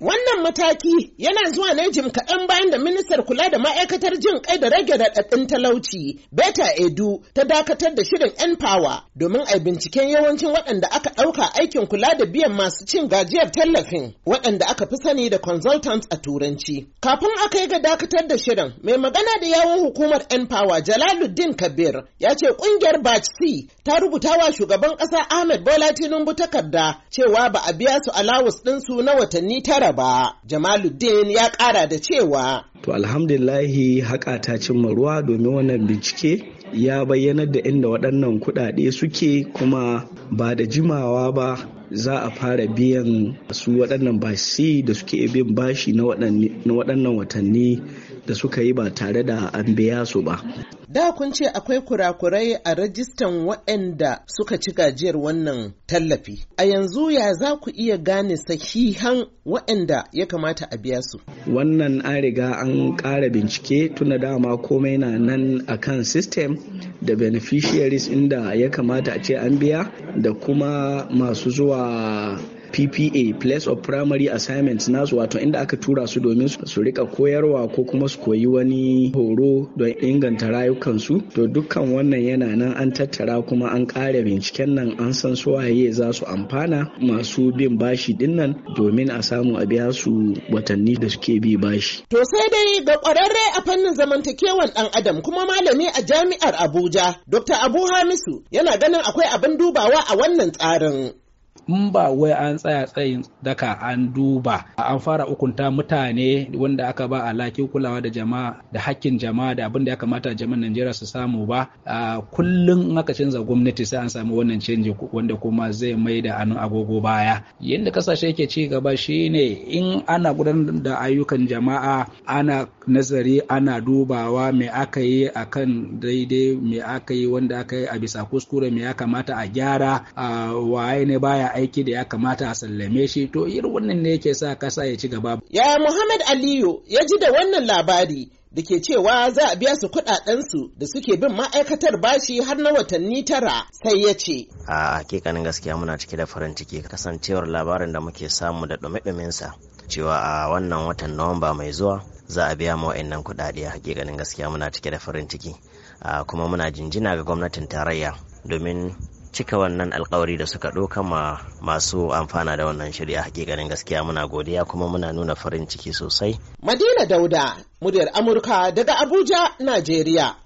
Wannan mataki yana zuwa ne jim kaɗan bayan da ministar kula da ma'aikatar jin kai da rage raɗaɗin talauci, Beta Edu ta dakatar da shirin 'yan power domin a binciken yawancin waɗanda aka ɗauka aikin kula da biyan masu cin gajiyar tallafin waɗanda aka fi sani da consultants a turanci. Kafin aka yi ga dakatar da shirin, mai magana da yawon hukumar 'yan power Jalaluddin Kabir ya ce ƙungiyar Batch C ta rubuta wa shugaban ƙasa Ahmed Bola Tinubu takarda cewa ba a biya su alawus ɗinsu na watanni tara ba. Jamaluddin ya ƙara da cewa. To alhamdulillahi haƙa ta cimma ruwa domin wannan bincike ya bayyanar da inda waɗannan kuɗaɗe suke kuma ba da jimawa ba za a fara biyan su waɗannan basi da suke bin bashi na waɗannan watanni da suka yi ba tare da an biya su ba. Da kun ce akwai kurakurai a rajistan waɗanda suka ci gajiyar wannan tallafi. A yanzu ya za ku iya gane sahihan waɗanda ya kamata a biya su? Wannan an riga an ƙara bincike tuna dama komai na nan akan sistem. da beneficiaries inda ya kamata a ce an biya da kuma masu zuwa ppa place of primary assignments nasu wato inda aka tura su domin su rika koyarwa ko kuma su koyi wani horo don inganta rayukansu to dukkan wannan yana nan an tattara kuma an kare binciken nan an san su waye za su amfana masu bin bashi nan domin a samu a biya su watanni da suke bi bashi. To sai dai ga kwararre a fannin zamantakewan ɗan adam kuma malami a jami'ar Abuja, Dr. Abu Hamisu yana ganin akwai abin dubawa a wannan tsarin. in ba wai an tsaya tsayin daka an duba an fara ukunta mutane wanda aka ba alhakin kulawa da jama'a da hakkin jama'a da abin da ya kamata jama'an Najeriya su samu ba kullum in aka canza gwamnati sai an samu wannan canji wanda kuma zai mai da anun agogo baya yadda kasashe ke ci gaba shine in ana gudanar da ayyukan jama'a ana nazari ana dubawa me aka yi akan daidai me aka yi wanda aka yi a bisa kuskure me ya kamata a gyara waye ne baya aiki da ya kamata a sallame shi to irin wannan ne yake sa kasa ya ci gaba. ya Muhammad Aliyu ya ji da wannan labari da ke cewa za a biya su su da suke bin ma'aikatar bashi har na watanni tara sai ya ce. A hakikanin gaskiya muna cike da farin ciki kasancewar labarin da muke samu da ɗume sa, cewa a wannan watan Nuwamba mai zuwa za a biya mawa innan kuɗaɗe a hakikanin gaskiya muna cike da farin ciki. kuma muna jinjina ga gwamnatin tarayya domin cika wannan alkawari da suka ɗauka ma masu amfana da wannan shirya hakikanin gaskiya muna godiya kuma muna nuna farin ciki sosai. Madina Dauda, muryar Amurka daga Abuja, Najeriya.